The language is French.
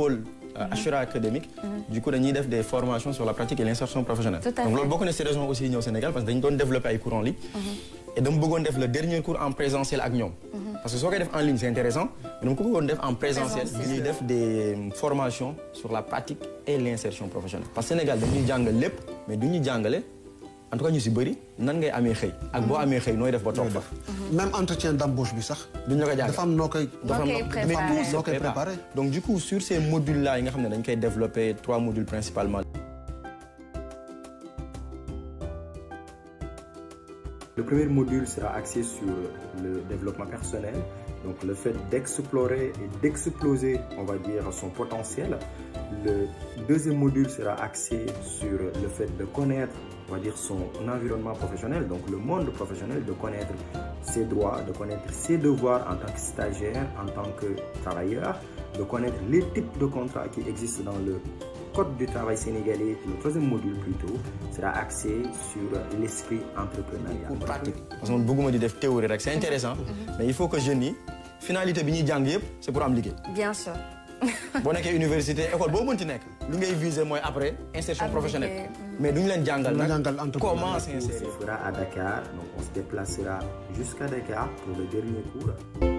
pôle euh, mhm. académique mhm. du coup dañuy def des formations sur la pratique et l'insertion professionnelle donc loolu beaucoup de si aussi au Sénégal parce que nous avons développé ay cours en ligne mhm. et donc bëggoon def le dernier cours en présentiel à ñoom parce que ce qu'on fait en ligne c'est intéressant mais nous avons fait en présentiel des euh, formations sur la pratique et l'insertion professionnelle parce que Sénégal dañuy jàngal lep mais duñu jàngale en tout cas nous, sommes bëri nan ngay amé xey ak bo amé xey noy même entretien d'embauche bi sax. duñ la ko jàng femmes, am sont donc du coup sur ces modules là yi nga développé trois modules principalement. Le premier module sera axé sur le développement personnel, donc le fait d'explorer et d'exploser, on va dire, son potentiel. Le deuxième module sera axé sur le fait de connaître, on va dire, son environnement professionnel, donc le monde professionnel, de connaître ses droits, de connaître ses devoirs en tant que stagiaire, en tant que travailleur, de connaître les types de contrats qui existent dans le Code du travail sénégalais, le troisième module plutôt, sera axé sur l'esprit entrepreneurial. pratique. Parce que beaucoup de théorie, c'est intéressant, mhm. Mhm. mais il faut que je nie. Finalité, c'est pour ampliquer Bien sûr. boo nekkee université école boo mënti nekk li ngay viser après insertion professionnelle mhm. mais nous leen jàngal comment s'insérer. à Dakar donc on se déplacera jusqu'à Dakar pour le dernier cours.